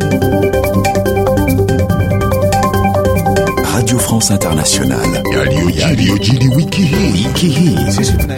thank you Conférence Internationale. wiki hii.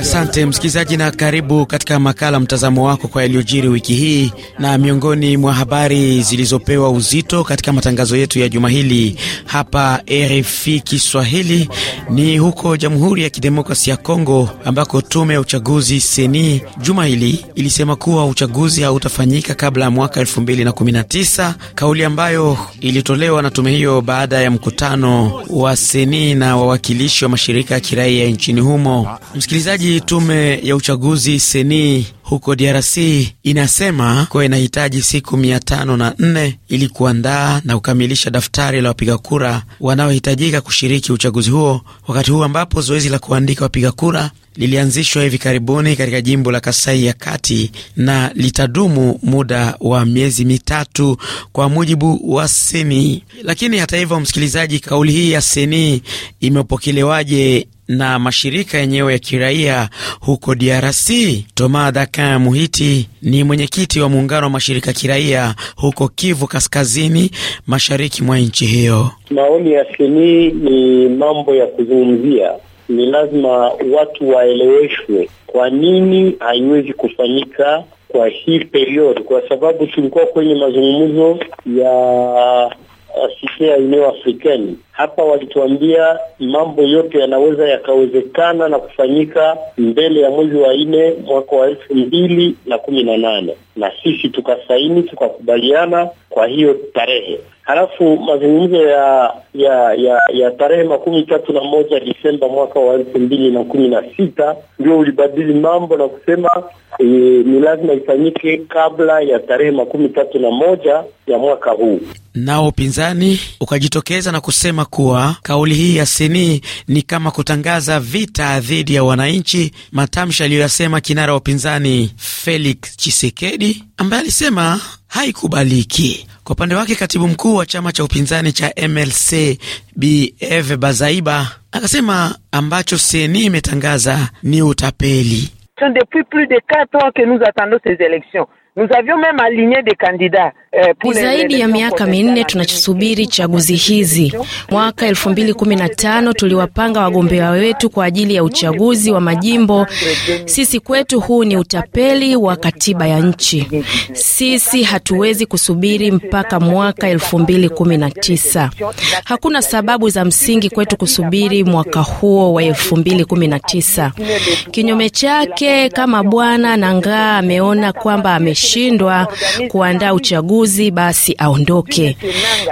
Asante msikilizaji na karibu katika makala mtazamo wako kwa yaliyojiri wiki hii, na miongoni mwa habari zilizopewa uzito katika matangazo yetu ya juma hili hapa RFI Kiswahili ni huko Jamhuri ya Kidemokrasi ya Kongo ambako tume ya uchaguzi seni juma hili ilisema kuwa uchaguzi hautafanyika kabla ya mwaka 2019, kauli ambayo ilitolewa na tume hiyo baada ya mkutano wa seni na wawakilishi wa mashirika ya kiraia nchini humo. Msikilizaji, tume ya uchaguzi seni huko DRC inasema kuwa inahitaji siku mia tano na nne ili kuandaa na kukamilisha daftari la wapiga kura wanaohitajika kushiriki uchaguzi huo, wakati huu ambapo zoezi la kuandika wapiga kura lilianzishwa hivi karibuni katika jimbo la Kasai ya Kati na litadumu muda wa miezi mitatu kwa mujibu wa Seni. Lakini hata hivyo, msikilizaji, kauli hii ya Seni imepokelewaje na mashirika yenyewe ya kiraia huko DRC. Toma Dakin Muhiti ni mwenyekiti wa muungano wa mashirika kiraia huko Kivu Kaskazini, mashariki mwa nchi hiyo. Maoni ya Seni ni mambo ya kuzungumzia ni lazima watu waeleweshwe kwa nini haiwezi kufanyika kwa hii period, kwa sababu tulikuwa kwenye mazungumzo ya uh, site ya eneo Africaine hapa walituambia mambo yote yanaweza yakawezekana na kufanyika mbele ya mwezi wa nne mwaka wa elfu mbili na kumi na nane na sisi tukasaini tukakubaliana kwa hiyo tarehe. Halafu mazungumzo ya ya ya ya tarehe makumi tatu na moja Disemba mwaka wa elfu mbili na kumi na sita ndio ulibadili mambo na kusema e, ni lazima ifanyike kabla ya tarehe makumi tatu na moja ya mwaka huu. Nao upinzani ukajitokeza na kusema kuwa kauli hii ya Seni ni kama kutangaza vita dhidi ya wananchi, matamshi aliyoyasema kinara wa upinzani Felix Chisekedi ambaye alisema haikubaliki. Kwa upande wake, katibu mkuu wa chama cha upinzani cha MLC Bi Bazaiba akasema ambacho Seni imetangaza ni utapeli. Euh, ni zaidi ya miaka minne tunachosubiri chaguzi hizi. Mwaka 2015 tuliwapanga wagombea wetu kwa ajili ya uchaguzi wa majimbo. Sisi kwetu huu ni utapeli wa katiba ya nchi. Sisi hatuwezi kusubiri mpaka mwaka 2019. Hakuna sababu za msingi kwetu kusubiri mwaka huo wa 2019. Kinyume chake, kama Bwana Nangaa ameona kwamba amesha kushindwa kuandaa uchaguzi basi aondoke,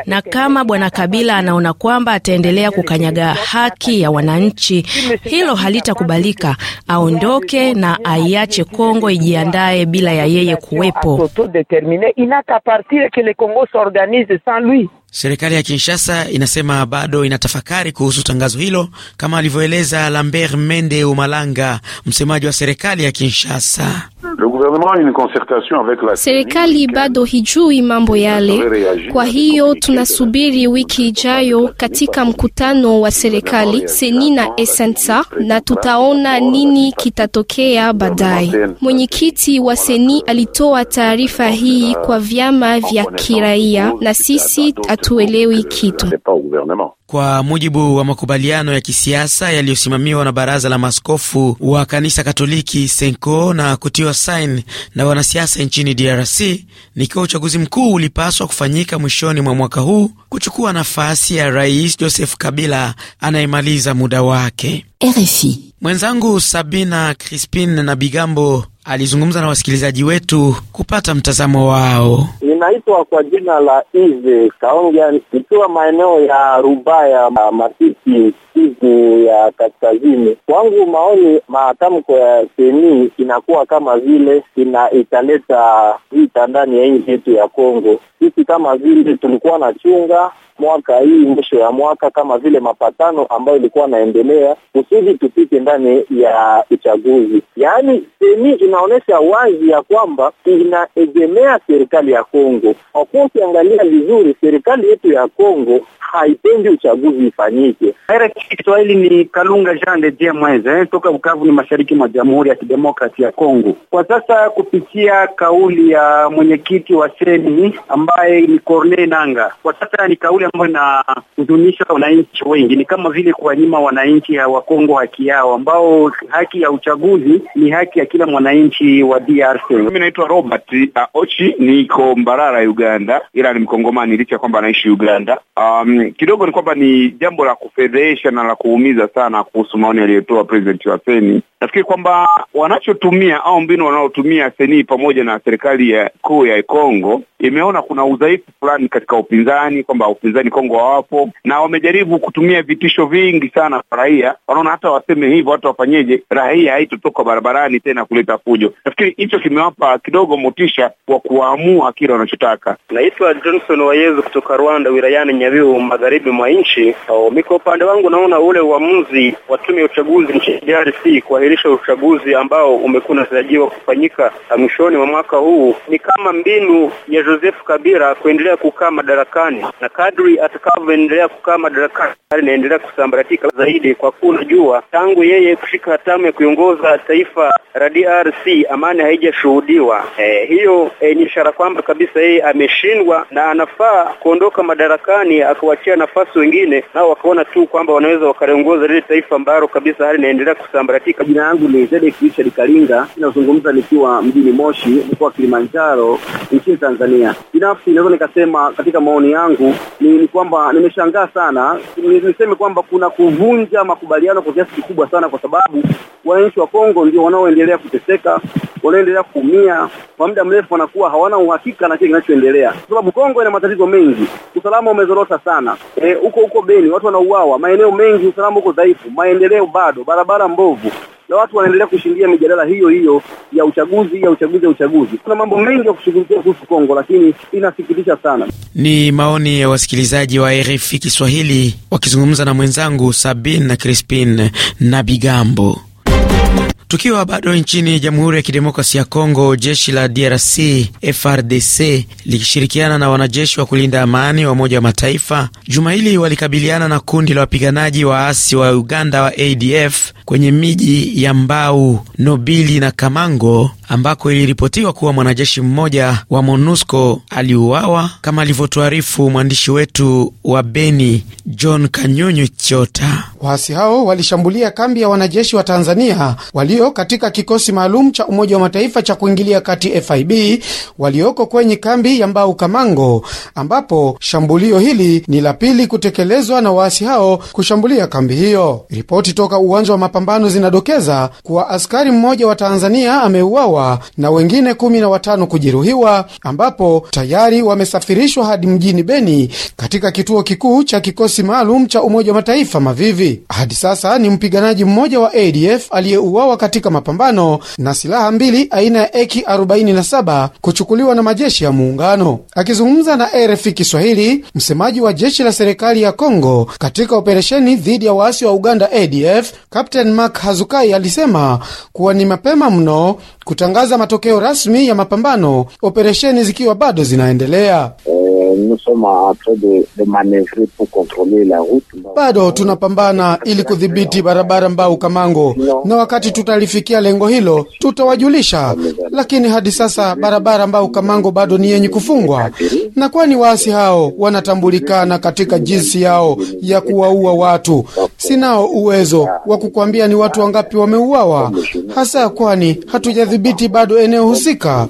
na kama bwana Kabila anaona kwamba ataendelea kukanyaga haki ya wananchi, hilo halitakubalika. Aondoke na aiache Kongo ijiandae bila ya yeye kuwepo. Serikali ya Kinshasa inasema bado inatafakari kuhusu tangazo hilo, kama alivyoeleza Lambert Mende Umalanga, msemaji wa serikali ya Kinshasa. Serikali bado hijui mambo yale, kwa hiyo tunasubiri wiki ijayo katika mkutano wa serikali seni na esensa, na tutaona nini kitatokea baadaye. Mwenyekiti wa seni alitoa taarifa hii kwa vyama vya kiraia na sisi hatuelewi kitu. Kwa mujibu wa makubaliano ya kisiasa yaliyosimamiwa na baraza la maskofu wa kanisa Katoliki Senko na kutiwa sain na wanasiasa nchini DRC, nikiwa uchaguzi mkuu ulipaswa kufanyika mwishoni mwa mwaka huu kuchukua nafasi ya Rais Joseph Kabila anayemaliza muda wake. RFI. Mwenzangu Sabina Crispin na Bigambo alizungumza na wasikilizaji wetu kupata mtazamo wao. Ninaitwa kwa jina la Ive Kaongea, nikiwa maeneo ya Rubaya Masisi, Kivu ya Kaskazini. Kwangu maoni, matamko ya seni inakuwa kama vile ina italeta vita ndani ya nchi yetu ya Kongo. Sisi kama vile tulikuwa na chunga mwaka hii mwisho ya mwaka, kama vile mapatano ambayo ilikuwa naendelea kusudi tupite ndani ya uchaguzi. Yaani seni inaonyesha wazi ya kwamba inaegemea serikali ya Kongo. Kwa kuwa ukiangalia vizuri, serikali yetu ya Kongo haipendi uchaguzi ifanyike. Kiswahili ni Kalunga Jean de Dieu Mweze eh, toka Bukavu ni mashariki mwa Jamhuri ya kidemokrasi ya Kongo. Kwa sasa kupitia kauli ya mwenyekiti wa seni ambaye ni Corneille Nanga, kwa sasa ni kauli hiyo ambayo inahuzunisha wananchi wengi ni kama vile kuwanyima wananchi wa Kongo haki yao, ambao haki ya uchaguzi ni haki ya kila mwananchi wa DRC. Mimi naitwa Robert Aochi, uh, Ochi, niko Mbarara, Uganda, ila ni Mkongomani licha ya kwamba anaishi Uganda. Um, kidogo ni kwamba ni jambo la kufedhesha na la kuumiza sana kuhusu maoni aliyotoa President Yoweri nafikiri kwamba wanachotumia au mbinu wanaotumia senii pamoja na serikali ya kuu ya Kongo imeona kuna udhaifu fulani katika upinzani, kwamba upinzani Kongo hawapo, na wamejaribu kutumia vitisho vingi sana kwa raia. Wanaona hata waseme hivyo, hata wafanyeje, raia haitotoka barabarani tena kuleta fujo. Nafikiri hicho kimewapa kidogo motisha wa kuamua kile wanachotaka. Naitwa Johnson Wayezu kutoka Rwanda, wilayani nyaviu magharibi mwa nchi. Oh, Mimi kwa upande wangu naona ule uamuzi wa tume ya uchaguzi nchini DRC kwa kuahirisha uchaguzi ambao umekuwa unatarajiwa kufanyika uh, mwishoni mwa mwaka huu ni kama mbinu ya Joseph Kabila kuendelea kukaa madarakani, na kadri atakavyoendelea kukaa madarakani inaendelea kusambaratika zaidi, kwa kuwa unajua, tangu yeye kushika hatamu ya kuiongoza taifa la DRC amani haijashuhudiwa. Eh, hiyo eh, ni ishara kwamba kabisa yeye ameshindwa na anafaa kuondoka madarakani, akawachia nafasi wengine nao wakaona tu kwamba wanaweza wakaliongoza lile taifa ambalo kabisa hali inaendelea kusambaratika. Jina yangu ni Zedek Richard Kalinga, ninazungumza nikiwa mjini Moshi, mkoa wa Kilimanjaro, nchini Tanzania. Binafsi naweza nikasema katika maoni yangu ni, ni kwamba nimeshangaa sana niseme kwamba kuna kuvunja makubaliano kwa kiasi kikubwa sana, kwa sababu wananchi wa Kongo ndio wanaoendelea kuteseka, wanaoendelea kuumia kwa muda mrefu, wanakuwa hawana uhakika na kile kinachoendelea, kwa sababu Kongo ina matatizo mengi, usalama umezorota sana huko e, huko Beni watu wanauawa, maeneo mengi usalama uko dhaifu, maendeleo bado, barabara mbovu na watu wanaendelea kushindia mijadala hiyo hiyo ya uchaguzi ya uchaguzi ya uchaguzi. Kuna mambo mengi ya kushughulikia kuhusu Kongo, lakini inasikitisha sana. Ni maoni ya wasikilizaji wa RFI Kiswahili wakizungumza na mwenzangu Sabin na Crispin na Bigambo. Tukiwa bado nchini Jamhuri ya Kidemokrasi ya Kongo, jeshi la DRC FRDC likishirikiana na wanajeshi wa kulinda amani wa Umoja wa Mataifa juma hili walikabiliana na kundi la wapiganaji waasi wa Uganda wa ADF kwenye miji ya Mbau, Nobili na Kamango ambako iliripotiwa kuwa mwanajeshi mmoja wa MONUSCO aliuawa kama alivyotuarifu mwandishi wetu wa Beni, John Kanyunyu Chota. Waasi hao walishambulia kambi ya wanajeshi wa Tanzania walio katika kikosi maalum cha Umoja wa Mataifa cha kuingilia kati FIB walioko kwenye kambi ya Mbau Kamango, ambapo shambulio hili ni la pili kutekelezwa na waasi hao kushambulia kambi hiyo. Ripoti toka uwanja wa mapambano zinadokeza kuwa askari mmoja wa Tanzania ameuawa kuuawa na wengine kumi na watano kujeruhiwa, ambapo tayari wamesafirishwa hadi mjini Beni katika kituo kikuu cha kikosi maalum cha Umoja wa Mataifa Mavivi. Hadi sasa ni mpiganaji mmoja wa ADF aliyeuawa katika mapambano na silaha mbili aina ya ak 47 kuchukuliwa na majeshi ya muungano. Akizungumza na RFI Kiswahili, msemaji wa jeshi la serikali ya Kongo katika operesheni dhidi ya waasi wa Uganda ADF, Kapteni Mark Hazukai alisema kuwa ni mapema mno kuta kutangaza matokeo rasmi ya mapambano, operesheni zikiwa bado zinaendelea. Eh, bado tunapambana ili kudhibiti barabara Mbau Kamango, na wakati tutalifikia lengo hilo tutawajulisha. Lakini hadi sasa barabara Mbau Kamango bado ni yenye kufungwa, na kwani waasi hao wanatambulikana katika jinsi yao ya kuwaua watu Sinao uwezo wa kukwambia ni watu wangapi wameuawa hasa, kwani hatujadhibiti bado eneo husika.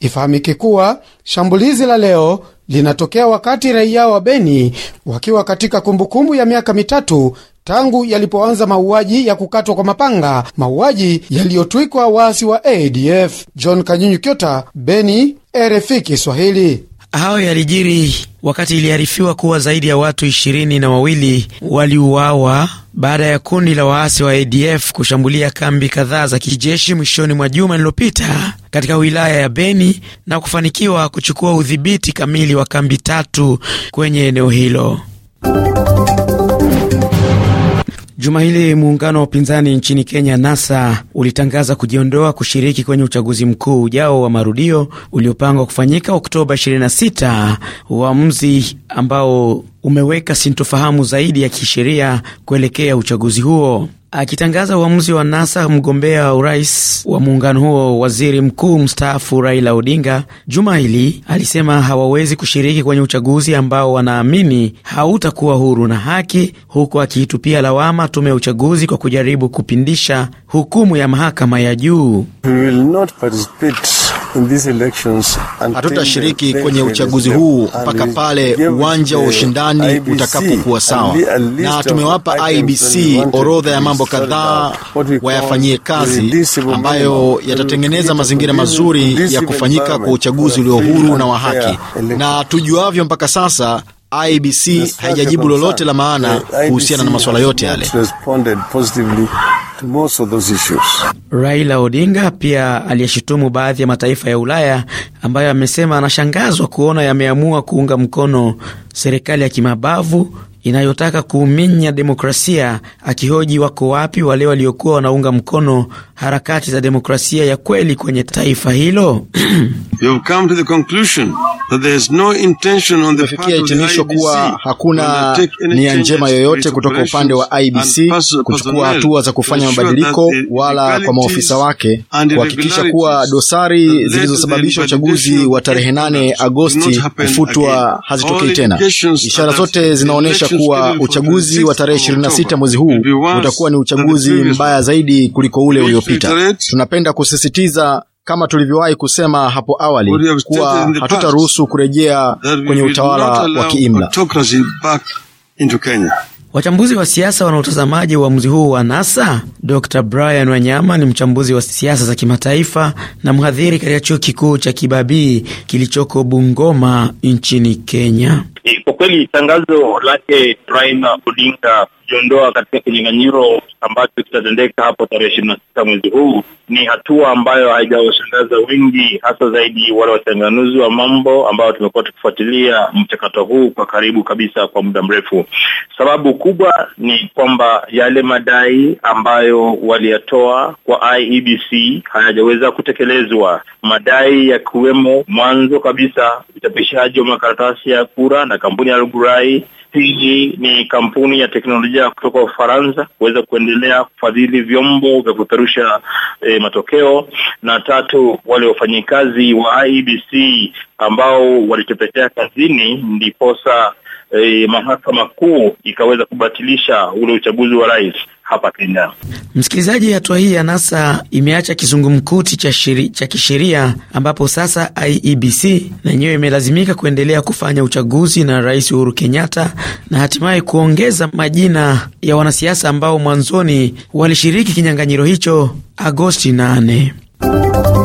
Ifahamike kuwa shambulizi la leo linatokea wakati raia wa Beni wakiwa katika kumbukumbu ya miaka mitatu tangu yalipoanza mauaji ya kukatwa kwa mapanga, mauaji yaliyotwikwa waasi wa ADF. John Kanyunyu Kyota, Beni, RFI Kiswahili. Hayo yalijiri wakati iliarifiwa kuwa zaidi ya watu ishirini na wawili waliuawa baada ya kundi la waasi wa ADF kushambulia kambi kadhaa za kijeshi mwishoni mwa juma lililopita katika wilaya ya Beni na kufanikiwa kuchukua udhibiti kamili wa kambi tatu kwenye eneo hilo. Juma hili muungano wa upinzani nchini Kenya, NASA, ulitangaza kujiondoa kushiriki kwenye uchaguzi mkuu ujao wa marudio uliopangwa kufanyika Oktoba 26, uamuzi ambao umeweka sintofahamu zaidi ya kisheria kuelekea uchaguzi huo. Akitangaza uamuzi wa NASA mgombea wa urais wa muungano huo, waziri mkuu mstaafu Raila Odinga juma hili alisema hawawezi kushiriki kwenye uchaguzi ambao wanaamini hautakuwa huru na haki, huku akiitupia lawama tume ya uchaguzi kwa kujaribu kupindisha hukumu ya mahakama ya juu. We will not participate Hatutashiriki kwenye uchaguzi huu mpaka pale uwanja wa ushindani utakapokuwa sawa, na tumewapa IBC orodha ya mambo kadhaa wayafanyie kazi ambayo yatatengeneza mazingira mazuri ya kufanyika kwa uchaguzi ulio huru na wa haki, na tujuavyo mpaka sasa IBC haijajibu lolote la maana kuhusiana na masuala yote yale. Most of those issues. Raila Odinga pia aliyeshutumu baadhi ya mataifa ya Ulaya ambayo amesema anashangazwa kuona yameamua kuunga mkono serikali ya kimabavu inayotaka kuuminya demokrasia, akihoji wako wapi wale waliokuwa wanaunga mkono harakati za demokrasia ya kweli kwenye taifa hilo. Tumefikia hitimisho kuwa hakuna nia njema yoyote kutoka upande wa IBC kuchukua hatua za kufanya mabadiliko wala kwa maofisa wake kuhakikisha kuwa dosari zilizosababisha uchaguzi wa tarehe 8 Agosti kufutwa hazitokei tena. Ishara zote zinaonyesha kuwa uchaguzi wa tarehe 26 mwezi huu utakuwa ni uchaguzi mbaya zaidi kuliko ule uliopita. Tunapenda kusisitiza kama tulivyowahi kusema hapo awali kuwa hatutaruhusu kurejea kwenye utawala wa kiimla. Wachambuzi wa siasa wanaotazamaji uamuzi huu wa NASA. Dr Brian Wanyama ni mchambuzi wa siasa za kimataifa na mhadhiri katika chuo kikuu cha Kibabii kilichoko Bungoma nchini Kenya. Eh, kwa kweli tangazo lake Raila Odinga kujiondoa katika kinyang'anyiro ambacho kitatendeka hapo tarehe ishirini na sita mwezi huu ni hatua ambayo haijawashangaza wengi, hasa zaidi wale wachanganuzi wa mambo ambao tumekuwa tukifuatilia mchakato huu kwa karibu kabisa kwa muda mrefu. Sababu kubwa ni kwamba yale madai ambayo waliyatoa kwa IEBC hayajaweza kutekelezwa, madai yakiwemo mwanzo kabisa uchapishaji wa makaratasi ya kura na kampuni ya Rugurai Fiji ni kampuni ya teknolojia kutoka Ufaransa kuweza kuendelea kufadhili vyombo vya kupeperusha e, matokeo, na tatu wale wafanyikazi wa ibc ambao walitepetea kazini, ndiposa e, mahakama kuu ikaweza kubatilisha ule uchaguzi wa rais hapa Kenya. Msikilizaji, hatua hii ya NASA imeacha kizungumkuti cha, cha kisheria ambapo sasa IEBC na yenyewe imelazimika kuendelea kufanya uchaguzi na Rais Uhuru Kenyatta na hatimaye kuongeza majina ya wanasiasa ambao mwanzoni walishiriki kinyang'anyiro hicho Agosti 8.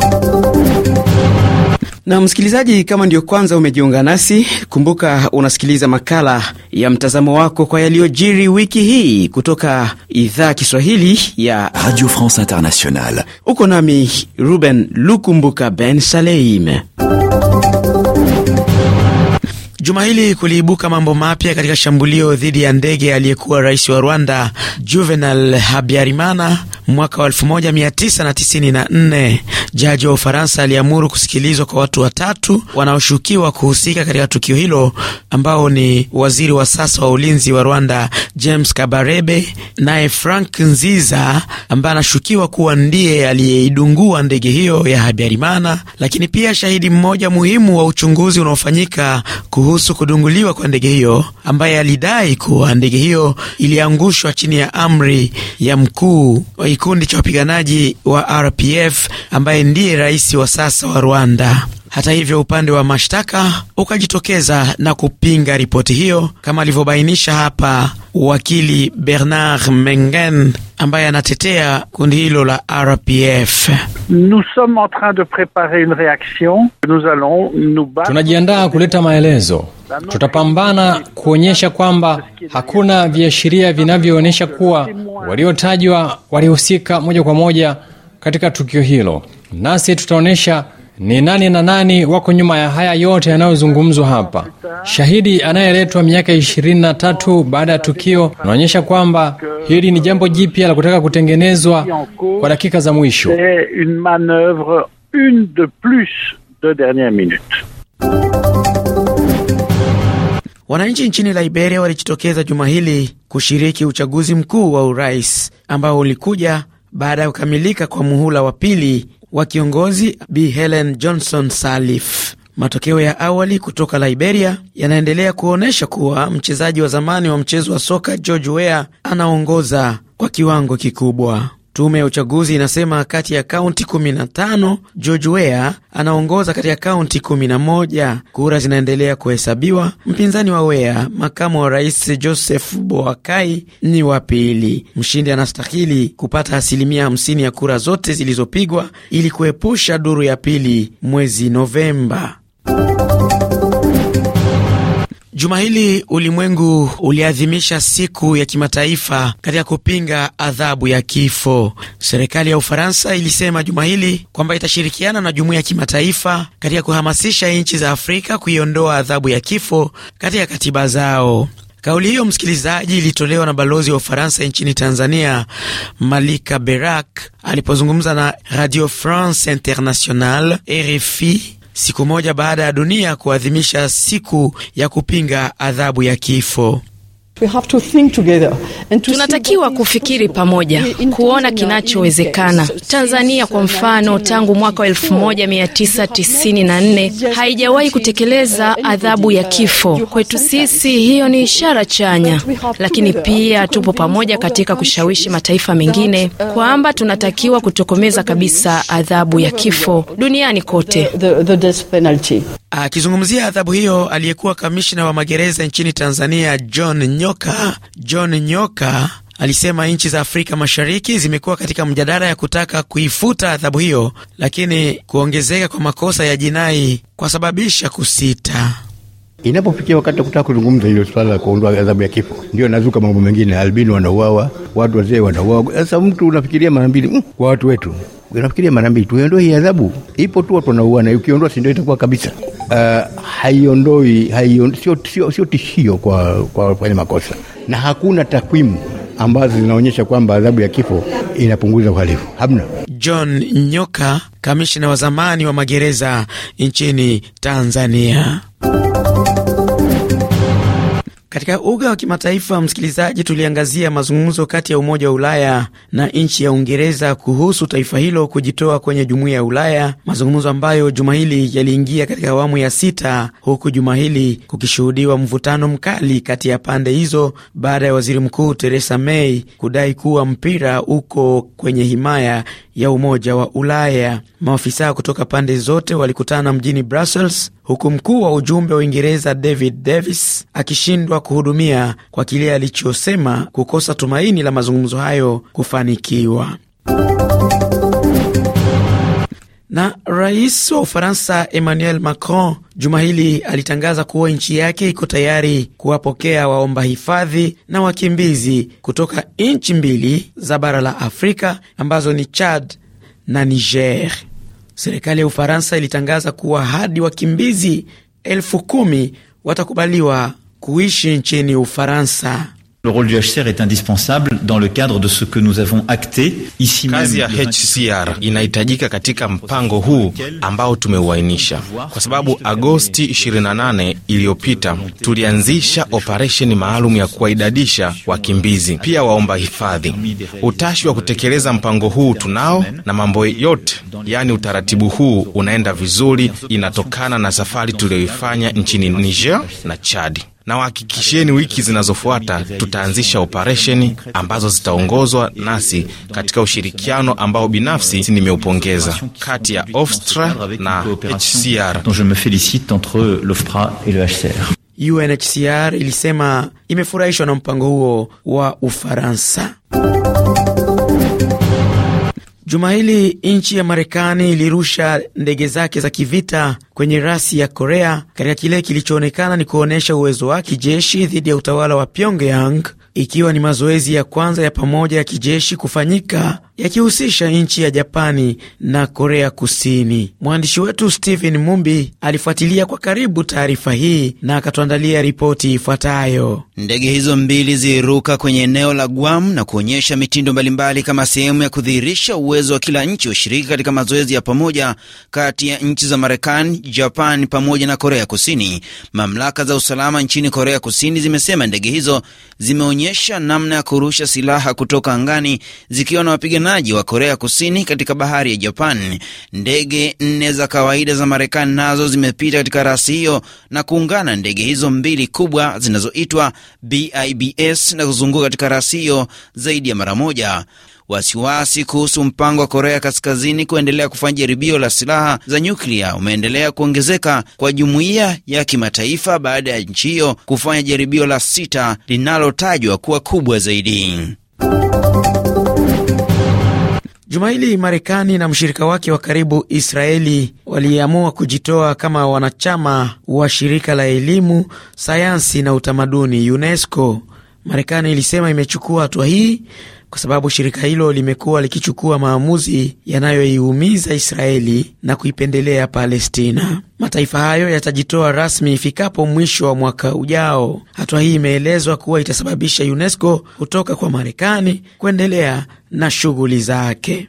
Na msikilizaji, kama ndio kwanza umejiunga nasi, kumbuka unasikiliza makala ya mtazamo wako kwa yaliyojiri wiki hii kutoka idhaa Kiswahili ya Radio France Internationale. Uko nami Ruben Lukumbuka Ben Saleim. Juma hili kuliibuka mambo mapya katika shambulio dhidi ya ndege aliyekuwa rais wa Rwanda Juvenal Habyarimana mwaka wa 1994. Jaji wa Ufaransa aliamuru kusikilizwa kwa watu watatu wanaoshukiwa kuhusika katika tukio hilo ambao ni waziri wa sasa wa ulinzi wa Rwanda James Kabarebe, naye Frank Nziza ambaye anashukiwa kuwa ndiye aliyeidungua ndege hiyo ya Habyarimana, lakini pia shahidi mmoja muhimu wa uchunguzi unaofanyika kuhusu kudunguliwa kwa ndege hiyo ambaye alidai kuwa ndege hiyo iliangushwa chini ya amri ya mkuu wa kikundi cha wapiganaji wa RPF ambaye ndiye rais wa sasa wa Rwanda. Hata hivyo, upande wa mashtaka ukajitokeza na kupinga ripoti hiyo, kama alivyobainisha hapa wakili Bernard Mengen ambaye anatetea kundi hilo la RPF. Tunajiandaa kuleta maelezo, tutapambana kuonyesha kwamba hakuna viashiria vinavyoonyesha kuwa waliotajwa walihusika moja kwa moja katika tukio hilo, nasi tutaonyesha ni nani na nani wako nyuma ya haya yote yanayozungumzwa hapa? Shahidi anayeletwa miaka ishirini na tatu baada ya tukio unaonyesha kwamba hili ni jambo jipya la kutaka kutengenezwa kwa dakika za mwisho. Wananchi nchini Liberia walijitokeza juma hili kushiriki uchaguzi mkuu wa urais ambao ulikuja baada ya kukamilika kwa muhula wa pili wa kiongozi Bi Helen Johnson Sirleaf. Matokeo ya awali kutoka Liberia yanaendelea kuonyesha kuwa mchezaji wa zamani wa mchezo wa soka George Weah anaongoza kwa kiwango kikubwa. Tume ya uchaguzi inasema kati ya kaunti 15 George Weah anaongoza kati ya kaunti 11. Kura zinaendelea kuhesabiwa. Mpinzani wa Weah, makamu wa rais Joseph Boakai, ni wa pili. Mshindi anastahili kupata asilimia 50 ya kura zote zilizopigwa ili kuepusha duru ya pili mwezi Novemba. Juma hili ulimwengu uliadhimisha siku ya kimataifa katika kupinga adhabu ya kifo. Serikali ya Ufaransa ilisema juma hili kwamba itashirikiana na jumuiya ya kimataifa katika kuhamasisha nchi za Afrika kuiondoa adhabu ya kifo katika katiba zao. Kauli hiyo msikilizaji, ilitolewa na balozi wa Ufaransa nchini Tanzania, Malika Berak, alipozungumza na Radio France Internationale RFI siku moja baada ya dunia kuadhimisha siku ya kupinga adhabu ya kifo tunatakiwa kufikiri pamoja kuona kinachowezekana. Tanzania kwa mfano, tangu mwaka 1994 haijawahi kutekeleza adhabu ya kifo. Kwetu sisi hiyo ni ishara chanya, lakini pia tupo pamoja katika kushawishi mataifa mengine uh, kwamba tunatakiwa kutokomeza kabisa adhabu ya kifo duniani kote. Akizungumzia adhabu hiyo, aliyekuwa kamishna wa magereza nchini Tanzania John Nyoka, John Nyoka alisema nchi za Afrika Mashariki zimekuwa katika mjadala ya kutaka kuifuta adhabu hiyo, lakini kuongezeka kwa makosa ya jinai kwasababisha kusita. Inapofikia wakati wa kutaka kuzungumza hilo swala la kuondoa adhabu ya kifo, ndio nazuka mambo mengine. Albino wanauawa, watu wazee wanauawa. Sasa mtu unafikiria mara mbili mm, kwa watu wetu unafikiria mara mbili. Tuiondoe hii adhabu, ipo tu watu wanauana, ukiondoa si ndio itakuwa kabisa. Uh, haiondoi, haiondoi, sio, sio, sio tishio kwa wafanya makosa, na hakuna takwimu ambazo zinaonyesha kwamba adhabu ya kifo inapunguza uhalifu. Hamna. John Nyoka, kamishna wa zamani wa magereza nchini Tanzania. Katika uga wa kimataifa, msikilizaji, tuliangazia mazungumzo kati ya Umoja wa Ulaya na nchi ya Uingereza kuhusu taifa hilo kujitoa kwenye Jumuiya ya Ulaya, mazungumzo ambayo juma hili yaliingia katika awamu ya sita, huku juma hili kukishuhudiwa mvutano mkali kati ya pande hizo baada ya Waziri Mkuu Theresa May kudai kuwa mpira uko kwenye himaya ya Umoja wa Ulaya. Maafisa kutoka pande zote walikutana mjini Brussels huku mkuu wa ujumbe wa Uingereza David Davis akishindwa kuhudumia kwa kile alichosema kukosa tumaini la mazungumzo hayo kufanikiwa. Na rais wa Ufaransa Emmanuel Macron juma hili alitangaza kuwa nchi yake iko tayari kuwapokea waomba hifadhi na wakimbizi kutoka nchi mbili za bara la Afrika ambazo ni Chad na Niger. Serikali ya Ufaransa ilitangaza kuwa hadi wakimbizi elfu kumi watakubaliwa kuishi nchini Ufaransa. Le rôle du HCR est indispensable dans le cadre de ce que nous avons acté ici Kazi ya HCR inahitajika katika mpango huu ambao tumeuainisha, kwa sababu Agosti 28 iliyopita tulianzisha operesheni maalum ya kuwaidadisha wakimbizi pia waomba hifadhi. Utashi wa kutekeleza mpango huu tunao, na mambo yote yaani utaratibu huu unaenda vizuri, inatokana na safari tuliyoifanya nchini Niger na Chadi na wahakikisheni, wiki zinazofuata tutaanzisha operesheni ambazo zitaongozwa nasi katika ushirikiano ambao binafsi nimeupongeza kati ya OFSTRA na HCR. UNHCR ilisema imefurahishwa na mpango huo wa Ufaransa. Juma hili nchi ya Marekani ilirusha ndege zake za kivita kwenye rasi ya Korea katika kile kilichoonekana ni kuonyesha uwezo wake kijeshi dhidi ya utawala wa Pyongyang, ikiwa ni mazoezi ya kwanza ya pamoja ya kijeshi kufanyika yakihusisha nchi ya Japani na Korea Kusini. Mwandishi wetu Stephen Mumbi alifuatilia kwa karibu taarifa hii na akatuandalia ripoti ifuatayo. Ndege hizo mbili ziliruka kwenye eneo la Guam na kuonyesha mitindo mbalimbali kama sehemu ya kudhihirisha uwezo wa kila nchi ushiriki katika mazoezi ya pamoja kati ya nchi za Marekani, Japan pamoja na Korea Kusini. Mamlaka za usalama nchini Korea Kusini zimesema ndege hizo zimeonyesha namna ya kurusha silaha kutoka angani zikiwa na wapiganaji wapiganaji wa Korea Kusini katika bahari ya Japan. Ndege nne za kawaida za Marekani nazo zimepita katika rasi hiyo na kuungana ndege hizo mbili kubwa zinazoitwa BIBS na kuzunguka katika rasi hiyo zaidi ya mara moja. Wasiwasi kuhusu mpango wa Korea Kaskazini kuendelea kufanya jaribio la silaha za nyuklia umeendelea kuongezeka kwa jumuiya ya kimataifa baada ya nchi hiyo kufanya jaribio la sita linalotajwa kuwa kubwa zaidi. Juma hili Marekani na mshirika wake wa karibu Israeli waliamua kujitoa kama wanachama wa shirika la elimu, sayansi na utamaduni UNESCO. Marekani ilisema imechukua hatua hii kwa sababu shirika hilo limekuwa likichukua maamuzi yanayoiumiza Israeli na kuipendelea Palestina. Mataifa hayo yatajitoa rasmi ifikapo mwisho wa mwaka ujao. Hatua hii imeelezwa kuwa itasababisha UNESCO kutoka kwa Marekani kuendelea na shughuli zake.